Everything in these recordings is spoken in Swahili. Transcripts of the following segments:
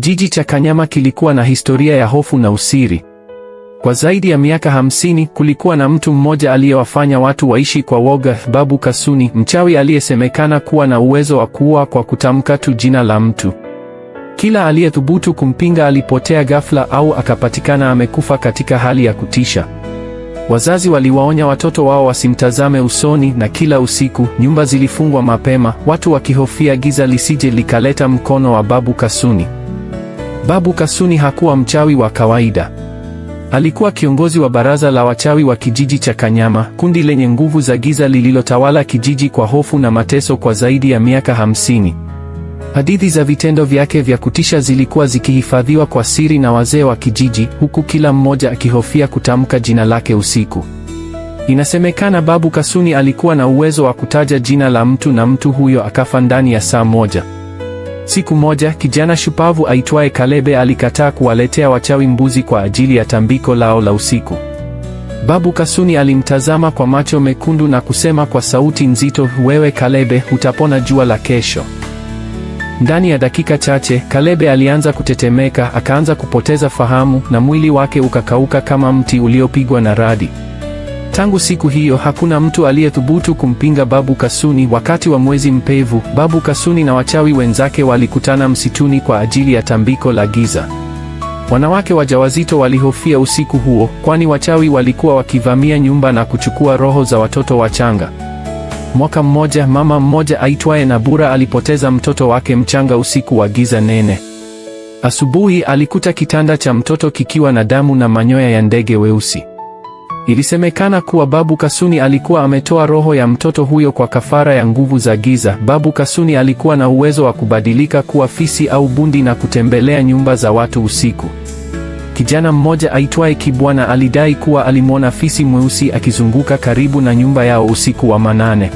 Kijiji cha Kanyama kilikuwa na historia ya hofu na usiri. Kwa zaidi ya miaka hamsini kulikuwa na mtu mmoja aliyewafanya watu waishi kwa woga, Babu Kasuni, mchawi aliyesemekana kuwa na uwezo wa kuua kwa kutamka tu jina la mtu. Kila aliyethubutu kumpinga alipotea ghafla au akapatikana amekufa katika hali ya kutisha. Wazazi waliwaonya watoto wao wasimtazame usoni, na kila usiku nyumba zilifungwa mapema, watu wakihofia giza lisije likaleta mkono wa Babu Kasuni. Babu Kasuni hakuwa mchawi wa kawaida. Alikuwa kiongozi wa baraza la wachawi wa kijiji cha Kanyama, kundi lenye nguvu za giza lililotawala kijiji kwa hofu na mateso kwa zaidi ya miaka hamsini. Hadithi za vitendo vyake vya kutisha zilikuwa zikihifadhiwa kwa siri na wazee wa kijiji, huku kila mmoja akihofia kutamka jina lake usiku. Inasemekana Babu Kasuni alikuwa na uwezo wa kutaja jina la mtu na mtu huyo akafa ndani ya saa moja. Siku moja kijana shupavu aitwaye Kalebe alikataa kuwaletea wachawi mbuzi kwa ajili ya tambiko lao la usiku. Babu Kasuni alimtazama kwa macho mekundu na kusema kwa sauti nzito, wewe Kalebe, utapona jua la kesho. Ndani ya dakika chache Kalebe alianza kutetemeka, akaanza kupoteza fahamu na mwili wake ukakauka kama mti uliopigwa na radi. Tangu siku hiyo hakuna mtu aliyethubutu kumpinga Babu Kasuni. Wakati wa mwezi mpevu, Babu Kasuni na wachawi wenzake walikutana msituni kwa ajili ya tambiko la giza. Wanawake wajawazito walihofia usiku huo, kwani wachawi walikuwa wakivamia nyumba na kuchukua roho za watoto wachanga. Mwaka mmoja, mama mmoja aitwaye Nabura alipoteza mtoto wake mchanga usiku wa giza nene. Asubuhi alikuta kitanda cha mtoto kikiwa na damu na manyoya ya ndege weusi. Ilisemekana kuwa Babu Kasuni alikuwa ametoa roho ya mtoto huyo kwa kafara ya nguvu za giza. Babu Kasuni alikuwa na uwezo wa kubadilika kuwa fisi au bundi na kutembelea nyumba za watu usiku. Kijana mmoja aitwaye Kibwana alidai kuwa alimwona fisi mweusi akizunguka karibu na nyumba yao usiku wa manane.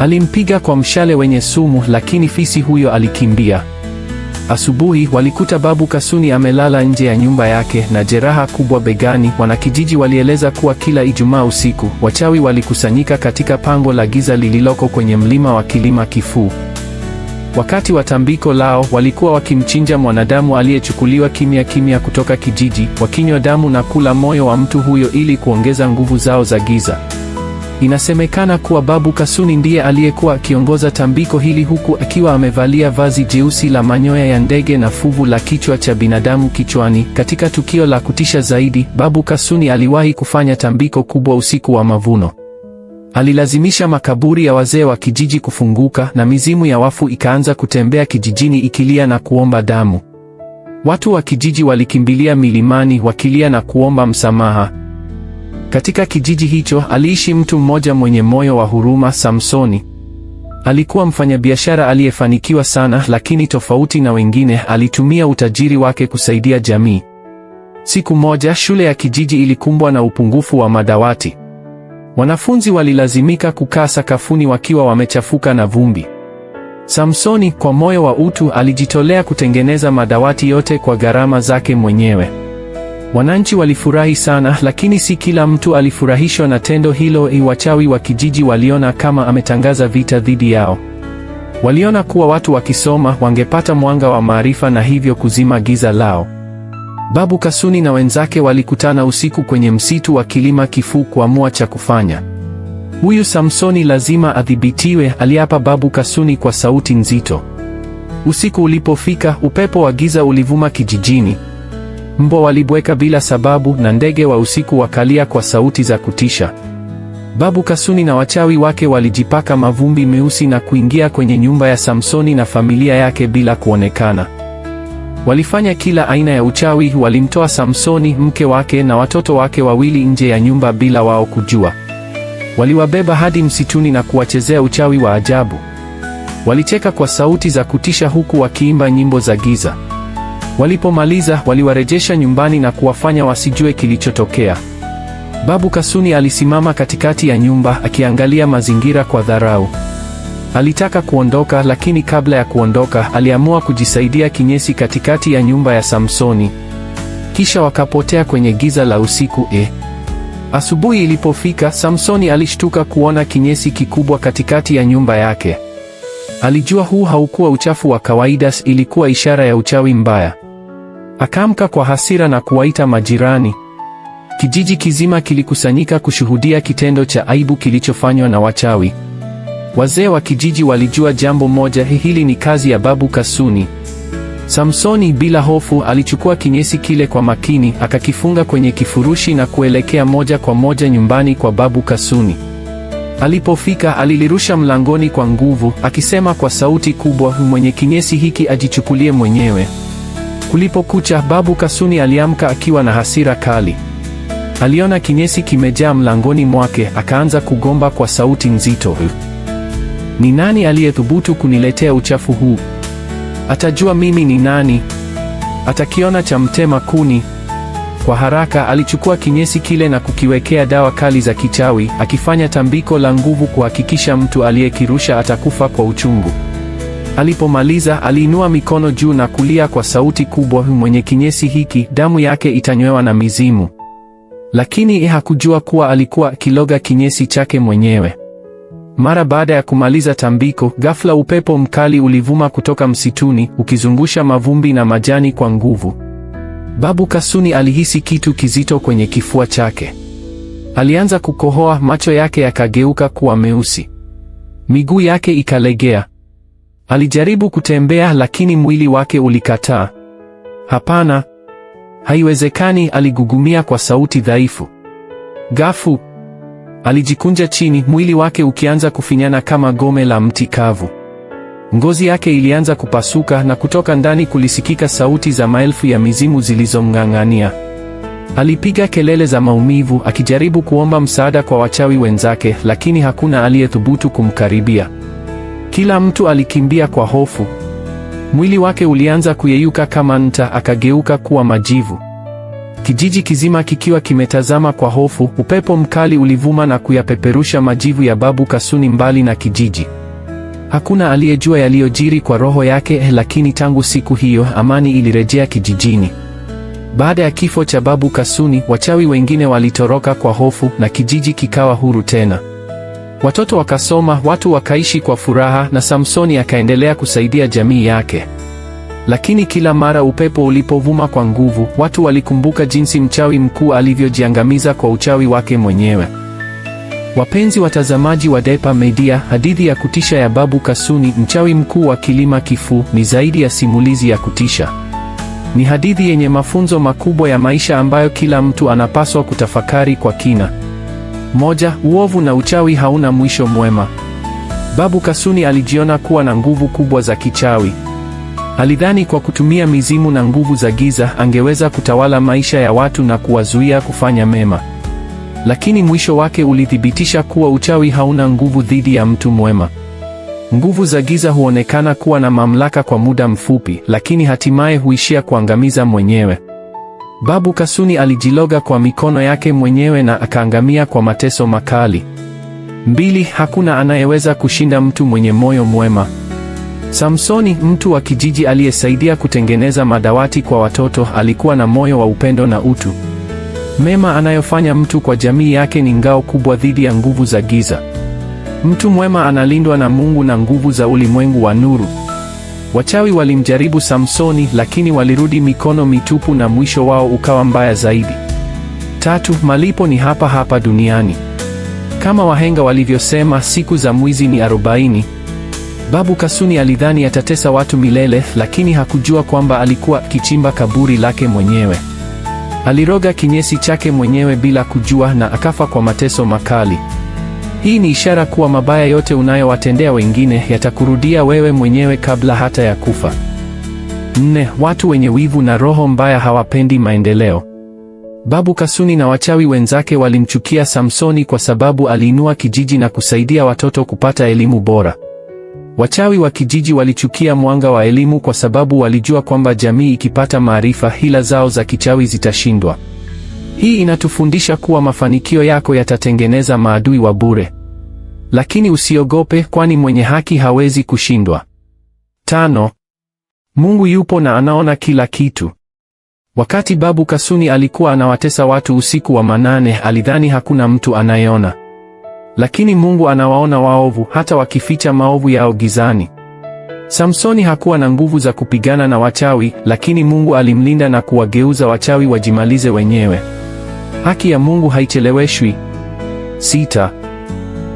Alimpiga kwa mshale wenye sumu, lakini fisi huyo alikimbia. Asubuhi walikuta Babu Kasuni amelala nje ya nyumba yake na jeraha kubwa begani. Wanakijiji walieleza kuwa kila Ijumaa usiku wachawi walikusanyika katika pango la giza lililoko kwenye mlima wa Kilima Kifuu. Wakati wa tambiko lao walikuwa wakimchinja mwanadamu aliyechukuliwa kimya kimya kutoka kijiji, wakinywa damu na kula moyo wa mtu huyo ili kuongeza nguvu zao za giza. Inasemekana kuwa Babu Kasuni ndiye aliyekuwa akiongoza tambiko hili huku akiwa amevalia vazi jeusi la manyoya ya ndege na fuvu la kichwa cha binadamu kichwani. Katika tukio la kutisha zaidi, Babu Kasuni aliwahi kufanya tambiko kubwa usiku wa mavuno. Alilazimisha makaburi ya wazee wa kijiji kufunguka na mizimu ya wafu ikaanza kutembea kijijini ikilia na kuomba damu. Watu wa kijiji walikimbilia milimani wakilia na kuomba msamaha. Katika kijiji hicho aliishi mtu mmoja mwenye moyo wa huruma, Samsoni. Alikuwa mfanyabiashara aliyefanikiwa sana, lakini tofauti na wengine, alitumia utajiri wake kusaidia jamii. Siku moja, shule ya kijiji ilikumbwa na upungufu wa madawati. Wanafunzi walilazimika kukaa sakafuni wakiwa wamechafuka na vumbi. Samsoni, kwa moyo wa utu, alijitolea kutengeneza madawati yote kwa gharama zake mwenyewe. Wananchi walifurahi sana, lakini si kila mtu alifurahishwa na tendo hilo. Wachawi wa kijiji waliona kama ametangaza vita dhidi yao. Waliona kuwa watu wakisoma wangepata mwanga wa maarifa na hivyo kuzima giza lao. Babu Kasuni na wenzake walikutana usiku kwenye msitu wa Kilima Kifuu kuamua cha kufanya. Huyu Samsoni lazima adhibitiwe, aliapa Babu Kasuni kwa sauti nzito. Usiku ulipofika, upepo wa giza ulivuma kijijini. Mbwa walibweka bila sababu na ndege wa usiku wakalia kwa sauti za kutisha. Babu Kasuni na wachawi wake walijipaka mavumbi meusi na kuingia kwenye nyumba ya Samsoni na familia yake bila kuonekana. Walifanya kila aina ya uchawi, walimtoa Samsoni, mke wake na watoto wake wawili nje ya nyumba bila wao kujua. Waliwabeba hadi msituni na kuwachezea uchawi wa ajabu. Walicheka kwa sauti za kutisha huku wakiimba nyimbo za giza. Walipomaliza waliwarejesha nyumbani na kuwafanya wasijue kilichotokea. Babu Kasuni alisimama katikati ya nyumba akiangalia mazingira kwa dharau. Alitaka kuondoka, lakini kabla ya kuondoka aliamua kujisaidia kinyesi katikati ya nyumba ya Samsoni. Kisha wakapotea kwenye giza la usiku. E, asubuhi ilipofika, Samsoni alishtuka kuona kinyesi kikubwa katikati ya nyumba yake. Alijua huu haukuwa uchafu wa kawaida, ilikuwa ishara ya uchawi mbaya. Akaamka kwa hasira na kuwaita majirani. Kijiji kizima kilikusanyika kushuhudia kitendo cha aibu kilichofanywa na wachawi. Wazee wa kijiji walijua jambo moja, hili ni kazi ya Babu Kasuni. Samsoni bila hofu alichukua kinyesi kile kwa makini, akakifunga kwenye kifurushi na kuelekea moja kwa moja nyumbani kwa Babu Kasuni. Alipofika alilirusha mlangoni kwa nguvu, akisema kwa sauti kubwa, mwenye kinyesi hiki ajichukulie mwenyewe. Kulipokucha, Babu Kasuni aliamka akiwa na hasira kali. Aliona kinyesi kimejaa mlangoni mwake, akaanza kugomba kwa sauti nzito, ni nani aliyethubutu kuniletea uchafu huu? Atajua mimi ni nani, atakiona cha mtema kuni. Kwa haraka alichukua kinyesi kile na kukiwekea dawa kali za kichawi, akifanya tambiko la nguvu kuhakikisha mtu aliyekirusha atakufa kwa uchungu. Alipomaliza, aliinua mikono juu na kulia kwa sauti kubwa, mwenye kinyesi hiki damu yake itanywewa na mizimu. Lakini hakujua kuwa alikuwa akiloga kinyesi chake mwenyewe. Mara baada ya kumaliza tambiko, ghafla upepo mkali ulivuma kutoka msituni ukizungusha mavumbi na majani kwa nguvu. Babu Kasuni alihisi kitu kizito kwenye kifua chake. Alianza kukohoa, macho yake yakageuka kuwa meusi, miguu yake ikalegea. Alijaribu kutembea, lakini mwili wake ulikataa. Hapana, haiwezekani, aligugumia kwa sauti dhaifu. Gafu! Alijikunja chini, mwili wake ukianza kufinyana kama gome la mti kavu. Ngozi yake ilianza kupasuka na kutoka ndani kulisikika sauti za maelfu ya mizimu zilizomng'ang'ania. Alipiga kelele za maumivu akijaribu kuomba msaada kwa wachawi wenzake, lakini hakuna aliyethubutu kumkaribia. Kila mtu alikimbia kwa hofu. Mwili wake ulianza kuyeyuka kama nta, akageuka kuwa majivu. Kijiji kizima kikiwa kimetazama kwa hofu, upepo mkali ulivuma na kuyapeperusha majivu ya Babu Kasuni mbali na kijiji. Hakuna aliyejua yaliyojiri kwa roho yake, lakini tangu siku hiyo amani ilirejea kijijini. Baada ya kifo cha Babu Kasuni, wachawi wengine walitoroka kwa hofu na kijiji kikawa huru tena. Watoto wakasoma, watu wakaishi kwa furaha na Samsoni akaendelea kusaidia jamii yake. Lakini kila mara upepo ulipovuma kwa nguvu, watu walikumbuka jinsi mchawi mkuu alivyojiangamiza kwa uchawi wake mwenyewe. Wapenzi watazamaji wa Depa Media, hadithi ya kutisha ya Babu Kasuni, mchawi mkuu wa Kilima Kifuu, ni zaidi ya simulizi ya kutisha. Ni hadithi yenye mafunzo makubwa ya maisha ambayo kila mtu anapaswa kutafakari kwa kina. Moja, uovu na uchawi hauna mwisho mwema. Babu Kasuni alijiona kuwa na nguvu kubwa za kichawi. Alidhani kwa kutumia mizimu na nguvu za giza angeweza kutawala maisha ya watu na kuwazuia kufanya mema lakini mwisho wake ulithibitisha kuwa uchawi hauna nguvu dhidi ya mtu mwema. Nguvu za giza huonekana kuwa na mamlaka kwa muda mfupi, lakini hatimaye huishia kuangamiza mwenyewe. Babu Kasuni alijiloga kwa mikono yake mwenyewe na akaangamia kwa mateso makali. Mbili, hakuna anayeweza kushinda mtu mwenye moyo mwema. Samsoni, mtu wa kijiji aliyesaidia kutengeneza madawati kwa watoto, alikuwa na moyo wa upendo na utu. Mema anayofanya mtu kwa jamii yake ni ngao kubwa dhidi ya nguvu za giza. Mtu mwema analindwa na Mungu na nguvu za ulimwengu wa nuru. Wachawi walimjaribu Samsoni lakini walirudi mikono mitupu na mwisho wao ukawa mbaya zaidi. Tatu, malipo ni hapa hapa duniani. Kama wahenga walivyosema, siku za mwizi ni arobaini. Babu Kasuni alidhani atatesa watu milele, lakini hakujua kwamba alikuwa akichimba kaburi lake mwenyewe. Aliroga kinyesi chake mwenyewe bila kujua na akafa kwa mateso makali. Hii ni ishara kuwa mabaya yote unayowatendea wengine yatakurudia wewe mwenyewe kabla hata ya kufa. Nne, watu wenye wivu na roho mbaya hawapendi maendeleo. Babu Kasuni na wachawi wenzake walimchukia Samsoni kwa sababu aliinua kijiji na kusaidia watoto kupata elimu bora. Wachawi wa kijiji walichukia mwanga wa elimu kwa sababu walijua kwamba jamii ikipata maarifa, hila zao za kichawi zitashindwa. Hii inatufundisha kuwa mafanikio yako yatatengeneza maadui wa bure. Lakini usiogope, kwani mwenye haki hawezi kushindwa. Tano, Mungu yupo na anaona kila kitu. Wakati Babu Kasuni alikuwa anawatesa watu usiku wa manane, alidhani hakuna mtu anayeona. Lakini Mungu anawaona waovu hata wakificha maovu yao gizani. Samsoni hakuwa na nguvu za kupigana na wachawi, lakini Mungu alimlinda na kuwageuza wachawi wajimalize wenyewe. Haki ya Mungu haicheleweshwi. Sita.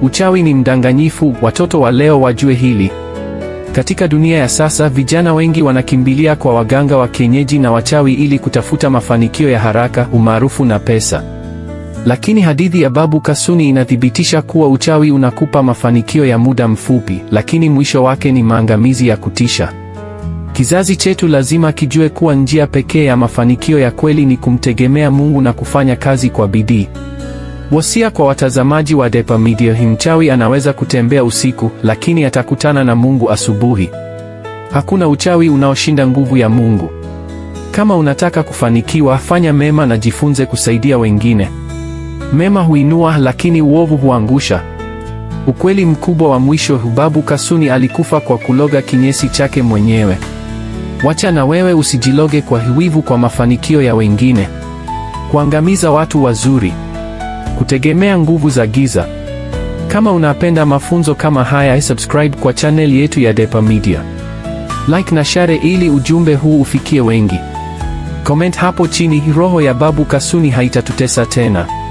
Uchawi ni mdanganyifu, watoto wa leo wajue hili. Katika dunia ya sasa, vijana wengi wanakimbilia kwa waganga wa kienyeji na wachawi ili kutafuta mafanikio ya haraka, umaarufu na pesa. Lakini hadithi ya Babu Kasuni inathibitisha kuwa uchawi unakupa mafanikio ya muda mfupi, lakini mwisho wake ni maangamizi ya kutisha. Kizazi chetu lazima kijue kuwa njia pekee ya mafanikio ya kweli ni kumtegemea Mungu na kufanya kazi kwa bidii. Wosia kwa watazamaji wa Depa Media: mchawi anaweza kutembea usiku, lakini atakutana na Mungu asubuhi. Hakuna uchawi unaoshinda nguvu ya Mungu. Kama unataka kufanikiwa, fanya mema na jifunze kusaidia wengine. Mema huinua lakini uovu huangusha. Ukweli mkubwa wa mwisho, Babu Kasuni alikufa kwa kuloga kinyesi chake mwenyewe. Wacha na wewe usijiloge kwa wivu kwa mafanikio ya wengine, kuangamiza watu wazuri, kutegemea nguvu za giza. Kama unapenda mafunzo kama haya, subscribe kwa channel yetu ya Depa Media. Like na share ili ujumbe huu ufikie wengi. Comment hapo chini, roho ya Babu Kasuni haitatutesa tena.